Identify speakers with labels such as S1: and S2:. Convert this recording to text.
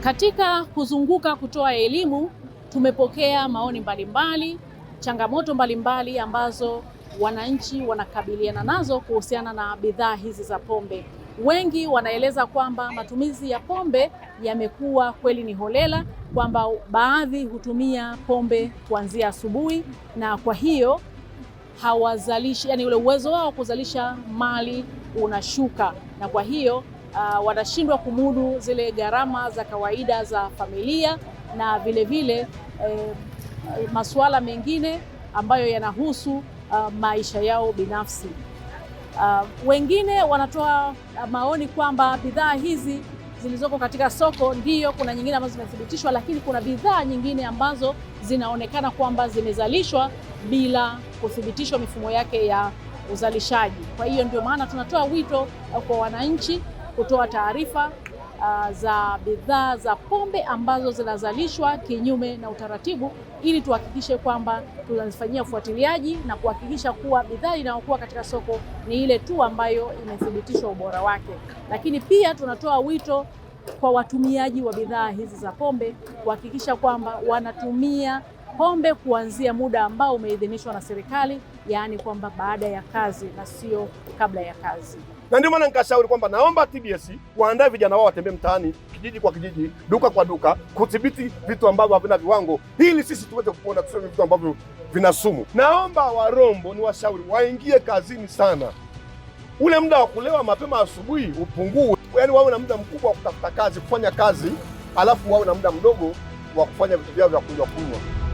S1: Katika kuzunguka kutoa elimu, tumepokea maoni mbalimbali, changamoto mbalimbali ambazo wananchi wanakabiliana nazo kuhusiana na bidhaa hizi za pombe. Wengi wanaeleza kwamba matumizi ya pombe yamekuwa kweli ni holela, kwamba baadhi hutumia pombe kuanzia asubuhi na kwa hiyo hawazalishi, yani ule uwezo wao wa kuzalisha mali unashuka, na kwa hiyo uh, wanashindwa kumudu zile gharama za kawaida za familia na vilevile eh, masuala mengine ambayo yanahusu uh, maisha yao binafsi. Uh, wengine wanatoa maoni kwamba bidhaa hizi zilizoko katika soko ndiyo, kuna nyingine ambazo zimethibitishwa, lakini kuna bidhaa nyingine ambazo zinaonekana kwamba zimezalishwa bila kuthibitishwa mifumo yake ya uzalishaji. Kwa hiyo ndio maana tunatoa wito uh, kwa wananchi kutoa taarifa uh, za bidhaa za pombe ambazo zinazalishwa kinyume na utaratibu, ili tuhakikishe kwamba tunazifanyia ufuatiliaji na kuhakikisha kuwa bidhaa inayokuwa katika soko ni ile tu ambayo imethibitishwa ubora wake. Lakini pia tunatoa wito kwa watumiaji wa bidhaa hizi za pombe kuhakikisha kwamba wanatumia pombe kuanzia muda ambao umeidhinishwa na serikali, yaani kwamba baada ya kazi na sio kabla ya kazi
S2: na ndio maana nikashauri kwamba naomba TBS waandae vijana wao watembee mtaani, kijiji kwa kijiji, duka kwa duka, kudhibiti vitu ambavyo havina viwango, ili sisi tuweze kuona tuseme vitu ambavyo vina sumu. Naomba Warombo ni washauri waingie kazini sana, ule muda wa kulewa mapema asubuhi upungue, yaani wawe na muda mkubwa wa kutafuta kazi, kufanya kazi, alafu wawe na muda mdogo wa kufanya vitu vyao vya kunywa kunywa.